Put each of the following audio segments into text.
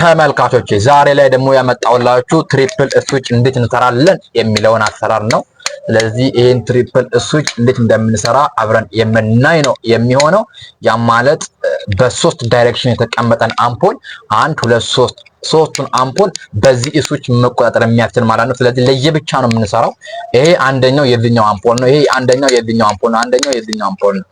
ተመልካቾች ዛሬ ላይ ደግሞ ያመጣውላችሁ ትሪፕል እሱጭ እንዴት እንሰራለን የሚለውን አሰራር ነው። ስለዚህ ይህን ትሪፕል እሱጭ እንዴት እንደምንሰራ አብረን የምናይ ነው የሚሆነው። ያም ማለት በሶስት ዳይሬክሽን የተቀመጠን አምፖል አንድ፣ ሁለት፣ ሶስት ሶስቱን አምፖል በዚህ እሱጭ መቆጣጠር የሚያስችል ማለት ነው። ስለዚህ ለየብቻ ነው የምንሰራው። ይሄ አንደኛው የዚኛው አምፖል ነው። ይሄ አንደኛው የዚኛው አምፖል ነው። አንደኛው የዚኛው አምፖል ነው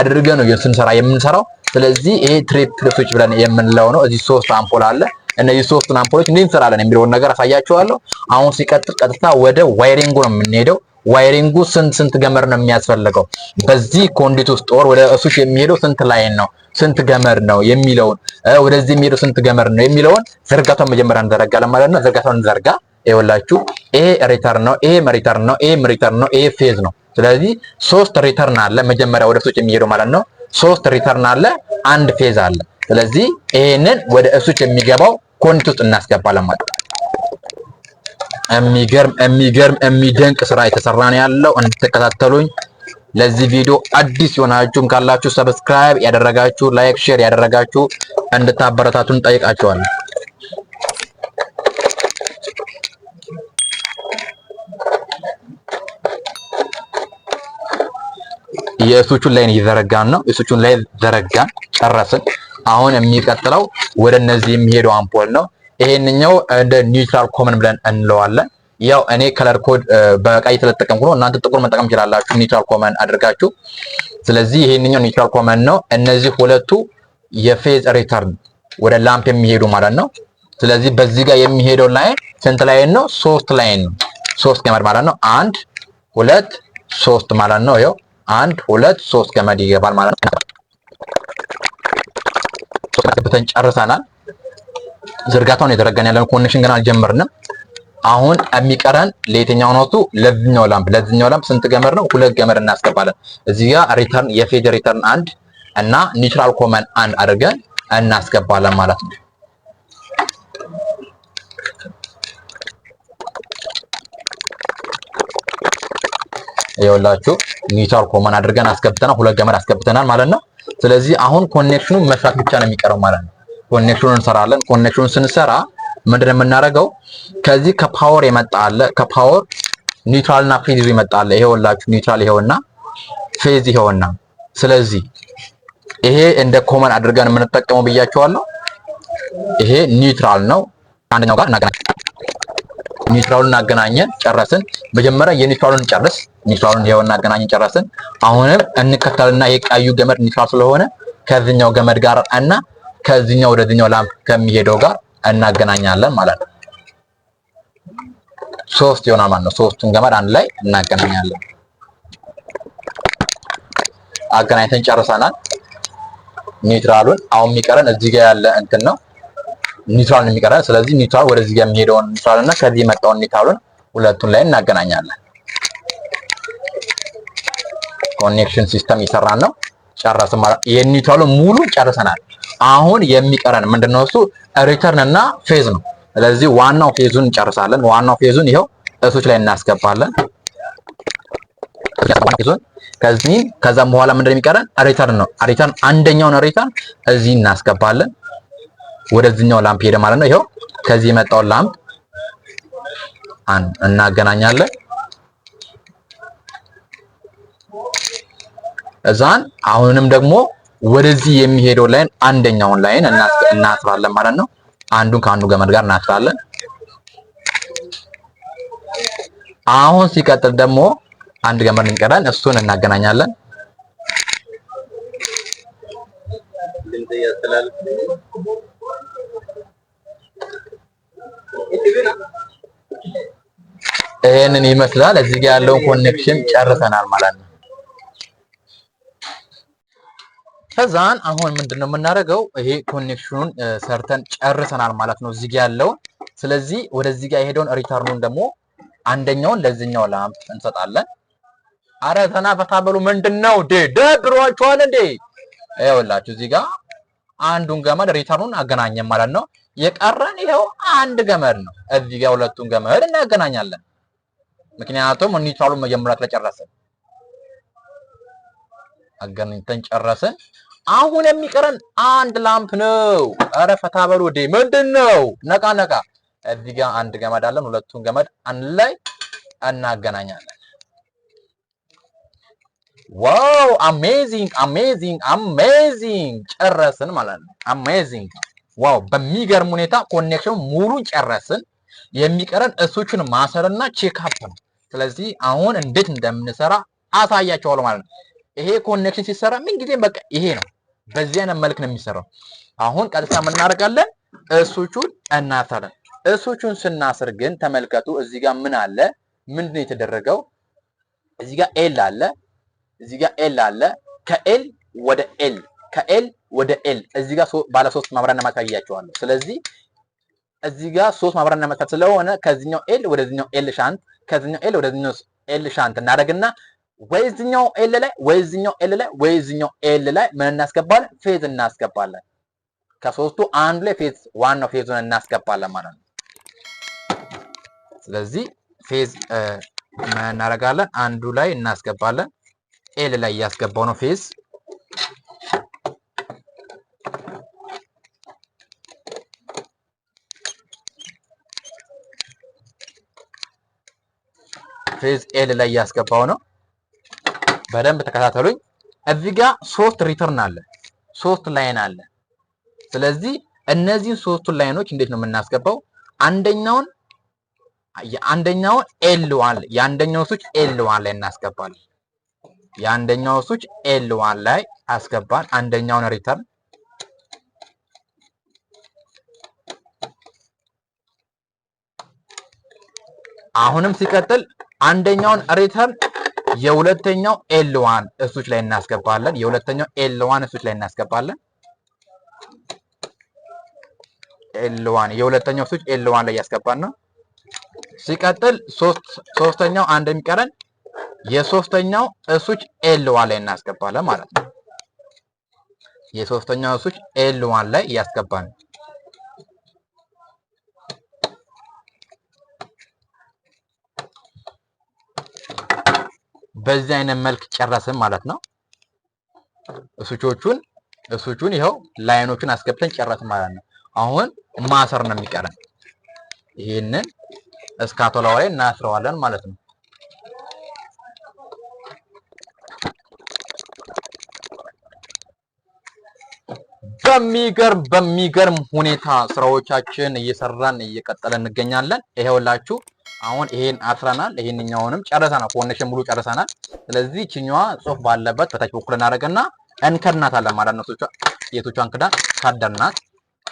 አድርገን ነው ስንሰራ የምንሰራው ስለዚህ ይሄ ትሪፕቶች ብለን የምንለው ነው። እዚህ ሶስት አምፖል አለ። እነዚህ ሶስቱን አምፖሎች እንዴት እንሰራለን የሚለውን ነገር አሳያችኋለሁ። አሁን ሲቀጥል ቀጥታ ወደ ዋይሪንጉ ነው የምንሄደው። ዋይሪንጉ ስንት ስንት ገመድ ነው የሚያስፈልገው? በዚህ ኮንዲት ውስጥ ጦር ወደ እሱሽ የሚሄደው ስንት ላይን ነው ስንት ገመድ ነው የሚለውን ወደዚህ የሚሄደው ስንት ገመድ ነው የሚለውን ዝርጋታው መጀመሪያ እንዘረጋለን ማለት ነው። ዝርጋታው እንዘርጋ። ይኸውላችሁ ኤ ሪተርን ነው፣ ኤ ሪተርን ነው፣ ኤ ሪተርን ነው፣ ኤ ፌዝ ነው። ስለዚህ ሶስት ሪተርን አለ መጀመሪያ ወደ ሱች የሚሄደው ማለት ነው። ሶስት ሪተርን አለ፣ አንድ ፌዝ አለ። ስለዚህ ይሄንን ወደ እሱች የሚገባው ኮኒት ውስጥ እናስገባለን ማለት ነው። የሚገርም የሚገርም የሚደንቅ ስራ የተሰራ ነው ያለው። እንድትከታተሉኝ ለዚህ ቪዲዮ አዲስ የሆናችሁም ካላችሁ ሰብስክራይብ ያደረጋችሁ፣ ላይክ፣ ሼር ያደረጋችሁ እንድታበረታቱን ጠይቃችኋለሁ። የእሱቹን ላይን እየዘረጋን ነው። የእሱቹን ላይ ዘረጋን ጨረስን። አሁን የሚቀጥለው ወደ እነዚህ የሚሄደው አምፖል ነው። ይሄንኛው እንደ ኒውትራል ኮመን ብለን እንለዋለን። ያው እኔ ከለር ኮድ በቀይ ስለተጠቀምኩ ነው። እናንተ ጥቁር መጠቀም ትችላላችሁ፣ ኒውትራል ኮመን አድርጋችሁ። ስለዚህ ይሄንኛው ኒውትራል ኮመን ነው። እነዚህ ሁለቱ የፌዝ ሪተርን ወደ ላምፕ የሚሄዱ ማለት ነው። ስለዚህ በዚህ ጋር የሚሄደው ላይን ስንት ላይን ነው? ሶስት ላይን ነው። ሶስት ገመድ ማለት ነው። አንድ ሁለት ሶስት ማለት ነው። ይኸው አንድ ሁለት ሶስት ገመድ ይገባል ማለት ነው። ሶስት ገብተን ጨርሰናል። ዝርጋታውን የዘረጋን ያለን ኮኔክሽን ገና አልጀመርንም። አሁን የሚቀረን ለየትኛው ነው? እሱ ላምፕ። ለዚህኛው ላምፕ ስንት ገመድ ነው? ሁለት ገመድ እናስገባለን። እዚህ ጋር ሪተርን የፌድ ሪተርን አንድ እና ኒውትራል ኮመን አንድ አድርገን እናስገባለን ማለት ነው። ይኸውላችሁ ኒውትራል ኮመን አድርገን አስገብተናል። ሁለት ገመድ አስገብተናል ማለት ነው። ስለዚህ አሁን ኮኔክሽኑን መስራት ብቻ ነው የሚቀረው ማለት ነው። ኮኔክሽኑን እንሰራለን። ኮኔክሽኑን ስንሰራ ምንድን የምናደርገው? ከዚህ ከፓወር የመጣ አለ። ከፓወር ኒውትራልና ፌዝ ይዞ ይመጣ አለ። ይኸውላችሁ ኒውትራል ይኸውና፣ ፌዝ ይኸውና። ስለዚህ ይሄ እንደ ኮመን አድርገን የምንጠቀመው ብያቸዋለሁ። ይሄ ኒውትራል ነው። አንደኛው ጋር እናገናኝ ኒውትራሉን አገናኘን ጨረስን። መጀመሪያ የኒውትራሉን ጨርስ ኒውትራሉን ይኸው እናገናኘን ጨረስን። አሁንም እንከተልና የቀዩ ገመድ ኒውትራል ስለሆነ ከዚህኛው ገመድ ጋር እና ከዚህኛው ወደዚህኛው ላምፕ ከሚሄደው ጋር እናገናኛለን ማለት ነው። ሶስት ይሆናል ማለት ነው። ሶስቱን ገመድ አንድ ላይ እናገናኛለን። አገናኝተን ጨርሰናል ኒውትራሉን። አሁን የሚቀረን እዚህ ጋር ያለ እንትን ነው ኒውትራል የሚቀረ ስለዚህ ኒውትራል ወደዚህ ጋር የሚሄደውን ኒውትራል እና ከዚህ የመጣውን ኒውትራሉን ሁለቱን ላይ እናገናኛለን። ኮኔክሽን ሲስተም ይሰራ ነው። ጨረስ ማለት የኒውትራሉ ሙሉ ጨርሰናል። አሁን የሚቀረን ምንድነው? እሱ ሪተርን እና ፌዝ ነው። ስለዚህ ዋናው ፌዙን እንጨርሳለን። ዋናው ፌዙን ይኸው እሱች ላይ እናስገባለን። ከዚህ ከዛም በኋላ ምንድነው የሚቀረን? ሪተርን ነው። ሪተርን አንደኛውን ሪተርን እዚህ እናስገባለን። ወደዚህኛው ላምፕ ሄደ ማለት ነው። ይኸው ከዚህ የመጣውን ላምፕ እናገናኛለን። እዛን አሁንም ደግሞ ወደዚህ የሚሄደው ላይን አንደኛውን ላይን እናስራለን ማለት ነው። አንዱን ከአንዱ ገመድ ጋር እናስራለን። አሁን ሲቀጥል ደግሞ አንድ ገመድ እንቀራለን፣ እሱን እናገናኛለን። ይሄንን ይመስላል። እዚህ ጋር ያለውን ኮኔክሽን ጨርሰናል ማለት ነው። ከዛን አሁን ምንድነው የምናደርገው? ይሄ ኮኔክሽኑን ሰርተን ጨርሰናል ማለት ነው እዚህ ጋር ያለውን። ስለዚህ ወደዚህ ጋር የሄደውን ሪተርኑን ደግሞ አንደኛውን ለዚህኛው ላምፕ እንሰጣለን። አረ ተናፈታ በሉ። ምንድነው ዴ ደብሯችኋል እንዴ? ይኸውላችሁ እዚህ ጋር አንዱን ገመድ ሪተርኑን አገናኘን ማለት ነው። የቀረን ይኸው አንድ ገመድ ነው። እዚህ ጋር ሁለቱን ገመድ እናገናኛለን። ምክንያቱም ኒውትራሉን መጀመሪያ ስለጨረስን አገናኝተን ጨረስን። አሁን የሚቀረን አንድ ላምፕ ነው። አረ ፈታ በሉ ወዴ ምንድን ነው? ነቃ ነቃ። እዚህ ጋር አንድ ገመድ አለን። ሁለቱን ገመድ አንድ ላይ እናገናኛለን። ዋው! አሜዚንግ አሜዚንግ አሜዚንግ! ጨረስን ማለት ነው። አሜዚንግ ዋው በሚገርም ሁኔታ ኮኔክሽን ሙሉ ጨረስን። የሚቀረን እሱችን ማሰርና ቼክአፕ ነው። ስለዚህ አሁን እንዴት እንደምንሰራ አሳያቸዋለሁ ማለት ነው። ይሄ ኮኔክሽን ሲሰራ ምን ጊዜ በቃ ይሄ ነው። በዚህ አይነት መልክ ነው የሚሰራው። አሁን ቀጥታ የምናደርጋለን እሱቹን እናሳለን። እሱቹን ስናስር ግን ተመልከቱ፣ እዚህ ጋር ምን አለ? ምንድን ነው የተደረገው? እዚህ ጋር ኤል አለ፣ እዚህ ጋር ኤል አለ። ከኤል ወደ ኤል ከኤል ወደ ኤል እዚህ ጋር ባለ ሶስት ማብራሪያ ማጥፋት ብያቸዋለሁ። ስለዚህ እዚህ ጋር ሶስት ማብራሪያ ማጥፋት ስለሆነ ከዚህኛው ኤል ወደዚህኛው ኤል ሻንት ከዚህኛው ኤል ወደዚህኛው ኤል ሻንት እናደርግና ወይዚኛው ኤል ላይ ወይዚኛው ኤል ላይ ወይዚኛው ኤል ላይ ምን እናስገባለን? ፌዝ እናስገባለን። ከሶስቱ አንዱ ላይ ፌዝ ዋናው ፌዙን እናስገባለን ማለት ነው። ስለዚህ ፌዝ እናደርጋለን፣ አንዱ ላይ እናስገባለን። ኤል ላይ እያስገባው ነው ፌዝ ፌዝ ኤል ላይ እያስገባው ነው። በደንብ ተከታተሉኝ። እዚህ ጋር ሶስት ሪተርን አለ፣ ሶስት ላይን አለ። ስለዚህ እነዚህን ሶስቱን ላይኖች እንዴት ነው የምናስገባው? አንደኛውን የአንደኛውን ኤል ዋን የአንደኛው ሱች ኤል ዋን ላይ እናስገባለን። የአንደኛው ሱች ኤል ዋን ላይ አስገባን። አንደኛውን ሪተርን አሁንም ሲቀጥል አንደኛውን ሪተርን የሁለተኛው ኤል ዋን እሱች ላይ እናስገባለን። የሁለተኛው ኤል ዋን እሱች ላይ እናስገባለን። ኤል ዋን የሁለተኛው እሱች ኤል ዋን ላይ ያስገባን ነው። ሲቀጥል ሶስተኛው አንድ የሚቀረን የሶስተኛው እሱች ኤል ዋን ላይ እናስገባለን ማለት ነው። የሶስተኛው እሱች ኤል ዋን ላይ ያስገባን ነው። በዚህ አይነት መልክ ጨረስን ማለት ነው። እሱቾቹን እሱቹን ይኸው ላይኖቹን አስገብተን ጨረስን ማለት ነው። አሁን ማሰር ነው የሚቀረን። ይህንን እስካቶላው ላይ እናስረዋለን ማለት ነው። በሚገርም በሚገርም ሁኔታ ስራዎቻችን እየሰራን እየቀጠለን እንገኛለን። ይሄውላችሁ አሁን ይሄን አስረናል። ይሄንኛውንም ጨረሰናል። ኮኔክሽን ሙሉ ጨርሰናል ስለዚህ ይችኛዋ ጽሁፍ ባለበት በታች በኩል እናደርግና እንከድናታለን ማለት ነው። የቶቿን ክዳን ካደርናት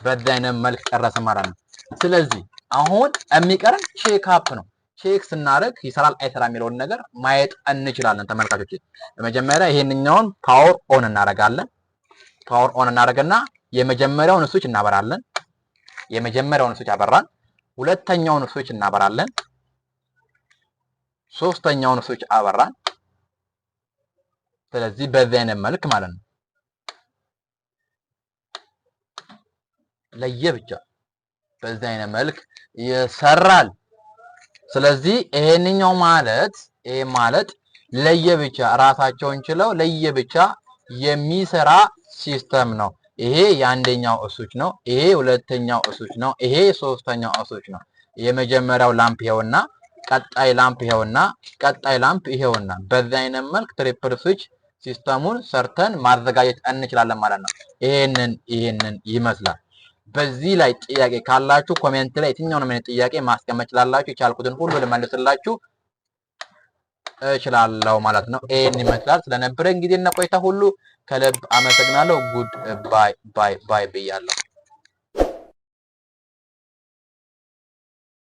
በዚህ አይነት መልክ ጨረስን ማለት ነው። ስለዚህ አሁን የሚቀርን ቼክ አፕ ነው። ቼክ ስናደርግ ይሰራል አይሰራ የሚለውን ነገር ማየት እንችላለን ተመልካቾች። በመጀመሪያ ይሄንኛውን ፓወር ኦን እናደርጋለን። ፓወር ኦን እናደርግና የመጀመሪያውን እሱች እናበራለን። የመጀመሪያውን እሱች አበራን። ሁለተኛውን እሱች እናበራለን። ሶስተኛውን እሱች አበራን። ስለዚህ በዚህ አይነት መልክ ማለት ነው። ለየ ብቻ በዚህ አይነት መልክ ይሰራል። ስለዚህ ይሄንኛው ማለት ይሄ ማለት ለየብቻ ራሳቸውን ችለው ለየብቻ የሚሰራ ሲስተም ነው። ይሄ የአንደኛው እሱች ነው። ይሄ ሁለተኛው እሱች ነው። ይሄ ሶስተኛው እሱች ነው። የመጀመሪያው ላምፕ ይሄውና፣ ቀጣይ ላምፕ ይሄውና፣ ቀጣይ ላምፕ ይሄውና። በዚህ አይነት መልክ ትሪፕል ስዊች ሲስተሙን ሰርተን ማዘጋጀት እንችላለን ማለት ነው። ይሄንን ይሄንን ይመስላል። በዚህ ላይ ጥያቄ ካላችሁ ኮሜንት ላይ የትኛውን ምን ጥያቄ ማስቀመጥ ይችላላችሁ። የቻልኩትን ሁሉ ልመልስላችሁ እችላለሁ ማለት ነው። ይሄን ይመስላል። ስለነበረን ጊዜና ቆይታ ሁሉ ከልብ አመሰግናለሁ። ጉድ ባይ ባይ ባይ ብያለሁ።